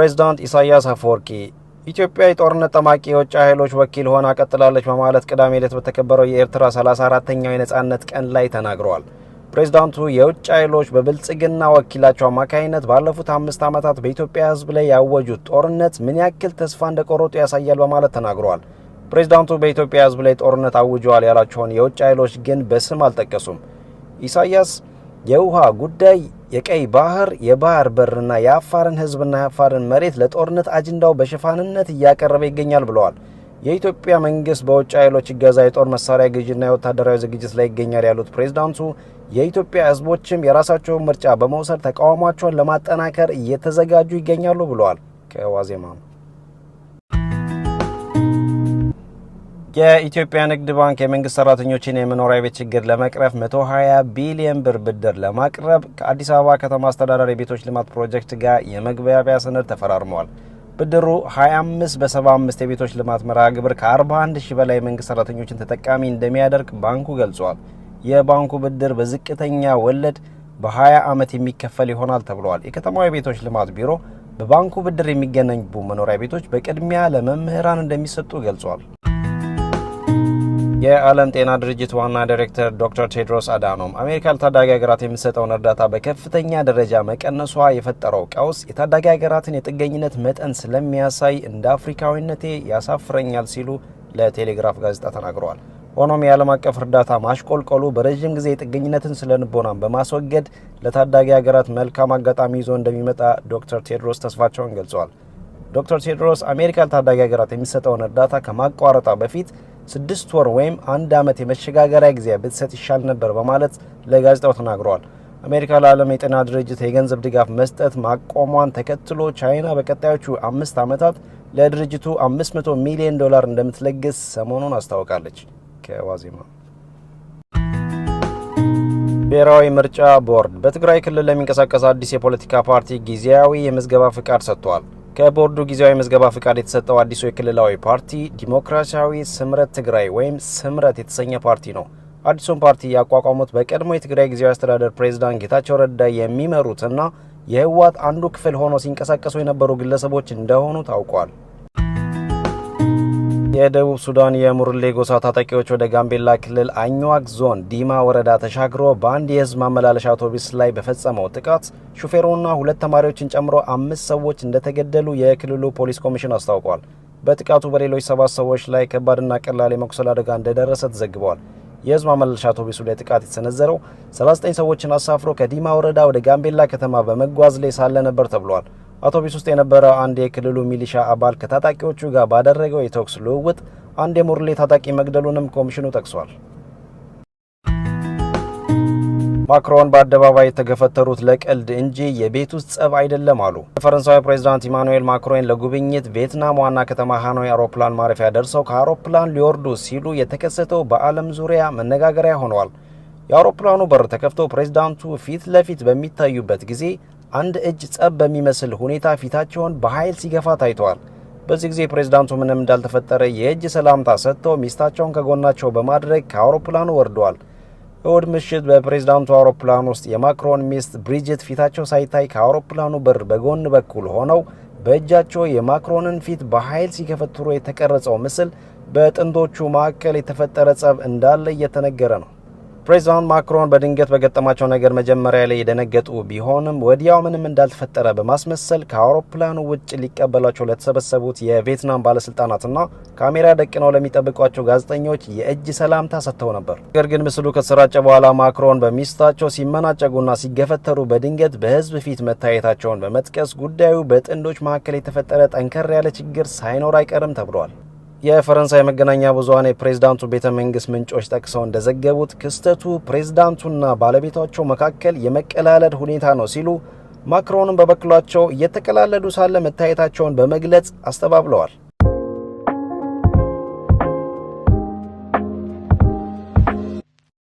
ፕሬዝዳንት ኢሳያስ አፈወርቂ ኢትዮጵያ የጦርነት ጠማቂ የውጭ ኃይሎች ወኪል ሆና ቀጥላለች በማለት ቅዳሜ ዕለት በተከበረው የኤርትራ 34ተኛው የነጻነት ቀን ላይ ተናግረዋል። ፕሬዚዳንቱ የውጭ ኃይሎች በብልጽግና ወኪላቸው አማካኝነት ባለፉት አምስት ዓመታት በኢትዮጵያ ሕዝብ ላይ ያወጁት ጦርነት ምን ያክል ተስፋ እንደቆረጡ ያሳያል በማለት ተናግረዋል። ፕሬዝዳንቱ በኢትዮጵያ ሕዝብ ላይ ጦርነት አውጀዋል ያላቸውን የውጭ ኃይሎች ግን በስም አልጠቀሱም። ኢሳያስ የውሃ ጉዳይ የቀይ ባህር የባህር በርና የአፋርን ህዝብና የአፋርን መሬት ለጦርነት አጀንዳው በሽፋንነት እያቀረበ ይገኛል ብለዋል። የኢትዮጵያ መንግስት በውጭ ኃይሎች እገዛ የጦር መሳሪያ ግዥና የወታደራዊ ዝግጅት ላይ ይገኛል ያሉት ፕሬዝዳንቱ የኢትዮጵያ ህዝቦችም የራሳቸውን ምርጫ በመውሰድ ተቃውሟቸውን ለማጠናከር እየተዘጋጁ ይገኛሉ ብለዋል። ከዋዜማ የኢትዮጵያ ንግድ ባንክ የመንግስት ሰራተኞችን የመኖሪያ ቤት ችግር ለመቅረፍ 120 ቢሊዮን ብር ብድር ለማቅረብ ከአዲስ አበባ ከተማ አስተዳደር የቤቶች ልማት ፕሮጀክት ጋር የመግባቢያ ሰነድ ተፈራርመዋል። ብድሩ 25 በ75 የቤቶች ልማት መርሃ ግብር ከ41 ሺ በላይ የመንግስት ሰራተኞችን ተጠቃሚ እንደሚያደርግ ባንኩ ገልጿል። የባንኩ ብድር በዝቅተኛ ወለድ በ20 ዓመት የሚከፈል ይሆናል ተብሏል። የከተማ የቤቶች ልማት ቢሮ በባንኩ ብድር የሚገነቡ መኖሪያ ቤቶች በቅድሚያ ለመምህራን እንደሚሰጡ ገልጿል። የዓለም ጤና ድርጅት ዋና ዳይሬክተር ዶክተር ቴድሮስ አዳኖም አሜሪካ ለታዳጊ ሀገራት የሚሰጠውን እርዳታ በከፍተኛ ደረጃ መቀነሷ የፈጠረው ቀውስ የታዳጊ ሀገራትን የጥገኝነት መጠን ስለሚያሳይ እንደ አፍሪካዊነቴ ያሳፍረኛል ሲሉ ለቴሌግራፍ ጋዜጣ ተናግረዋል። ሆኖም የዓለም አቀፍ እርዳታ ማሽቆልቆሉ በረዥም ጊዜ የጥገኝነትን ስነ ልቦናን በማስወገድ ለታዳጊ ሀገራት መልካም አጋጣሚ ይዞ እንደሚመጣ ዶክተር ቴድሮስ ተስፋቸውን ገልጸዋል። ዶክተር ቴድሮስ አሜሪካ ለታዳጊ ሀገራት የሚሰጠውን እርዳታ ከማቋረጣ በፊት ስድስት ወር ወይም አንድ ዓመት የመሸጋገሪያ ጊዜ ብትሰጥ ይሻል ነበር በማለት ለጋዜጣው ተናግረዋል። አሜሪካ ለዓለም የጤና ድርጅት የገንዘብ ድጋፍ መስጠት ማቆሟን ተከትሎ ቻይና በቀጣዮቹ አምስት ዓመታት ለድርጅቱ 500 ሚሊዮን ዶላር እንደምትለግስ ሰሞኑን አስታውቃለች። ከዋዜማ ብሔራዊ ምርጫ ቦርድ በትግራይ ክልል ለሚንቀሳቀስ አዲስ የፖለቲካ ፓርቲ ጊዜያዊ የምዝገባ ፍቃድ ሰጥቷል። ከቦርዱ ጊዜያዊ መዝገባ ፍቃድ የተሰጠው አዲሱ የክልላዊ ፓርቲ ዲሞክራሲያዊ ስምረት ትግራይ ወይም ስምረት የተሰኘ ፓርቲ ነው። አዲሱን ፓርቲ ያቋቋሙት በቀድሞ የትግራይ ጊዜያዊ አስተዳደር ፕሬዝዳንት ጌታቸው ረዳ የሚመሩትና የህወሓት አንዱ ክፍል ሆኖ ሲንቀሳቀሱ የነበሩ ግለሰቦች እንደሆኑ ታውቋል። የደቡብ ሱዳን የሙርሌ ጎሳ ታጣቂዎች ወደ ጋምቤላ ክልል አኝዋክ ዞን ዲማ ወረዳ ተሻግሮ በአንድ የህዝብ ማመላለሻ አውቶቡስ ላይ በፈጸመው ጥቃት ሹፌሩና ሁለት ተማሪዎችን ጨምሮ አምስት ሰዎች እንደተገደሉ የክልሉ ፖሊስ ኮሚሽን አስታውቋል። በጥቃቱ በሌሎች ሰባት ሰዎች ላይ ከባድና ቀላል የመቁሰል አደጋ እንደደረሰ ተዘግበዋል። የህዝብ ማመላለሻ አውቶቡሱ ላይ ጥቃት የተሰነዘረው 39 ሰዎችን አሳፍሮ ከዲማ ወረዳ ወደ ጋምቤላ ከተማ በመጓዝ ላይ ሳለ ነበር ተብሏል። አውቶቢስ ውስጥ የነበረ አንድ የክልሉ ሚሊሻ አባል ከታጣቂዎቹ ጋር ባደረገው የተኩስ ልውውጥ አንድ የሙርሌ ታጣቂ መግደሉንም ኮሚሽኑ ጠቅሷል። ማክሮን በአደባባይ የተገፈተሩት ለቀልድ እንጂ የቤት ውስጥ ጸብ አይደለም አሉ። የፈረንሳዊ ፕሬዚዳንት ኢማኑኤል ማክሮን ለጉብኝት ቪየትናም ዋና ከተማ ሃኖይ አውሮፕላን ማረፊያ ደርሰው ከአውሮፕላን ሊወርዱ ሲሉ የተከሰተው በዓለም ዙሪያ መነጋገሪያ ሆኗል። የአውሮፕላኑ በር ተከፍቶ ፕሬዚዳንቱ ፊት ለፊት በሚታዩበት ጊዜ አንድ እጅ ጸብ በሚመስል ሁኔታ ፊታቸውን በኃይል ሲገፋ ታይተዋል። በዚህ ጊዜ ፕሬዝዳንቱ ምንም እንዳልተፈጠረ የእጅ ሰላምታ ሰጥተው ሚስታቸውን ከጎናቸው በማድረግ ከአውሮፕላኑ ወርደዋል። እሁድ ምሽት በፕሬዝዳንቱ አውሮፕላን ውስጥ የማክሮን ሚስት ብሪጅት ፊታቸው ሳይታይ ከአውሮፕላኑ በር በጎን በኩል ሆነው በእጃቸው የማክሮንን ፊት በኃይል ሲገፈትሩ የተቀረጸው ምስል በጥንዶቹ መካከል የተፈጠረ ጸብ እንዳለ እየተነገረ ነው። ፕሬዚዳንት ማክሮን በድንገት በገጠማቸው ነገር መጀመሪያ ላይ የደነገጡ ቢሆንም ወዲያው ምንም እንዳልተፈጠረ በማስመሰል ከአውሮፕላኑ ውጭ ሊቀበሏቸው ለተሰበሰቡት የቪየትናም ባለስልጣናትና ካሜራ ደቅነው ለሚጠብቋቸው ጋዜጠኞች የእጅ ሰላምታ ሰጥተው ነበር። ነገር ግን ምስሉ ከተሰራጨ በኋላ ማክሮን በሚስታቸው ሲመናጨጉና ሲገፈተሩ በድንገት በህዝብ ፊት መታየታቸውን በመጥቀስ ጉዳዩ በጥንዶች መካከል የተፈጠረ ጠንከር ያለ ችግር ሳይኖር አይቀርም ተብሏል። የፈረንሳይ መገናኛ ብዙሃን የፕሬዝዳንቱ ቤተ መንግስት ምንጮች ጠቅሰው እንደዘገቡት ክስተቱ ፕሬዝዳንቱና ባለቤታቸው መካከል የመቀላለድ ሁኔታ ነው ሲሉ ማክሮንም በበኩላቸው እየተቀላለዱ ሳለ መታየታቸውን በመግለጽ አስተባብለዋል።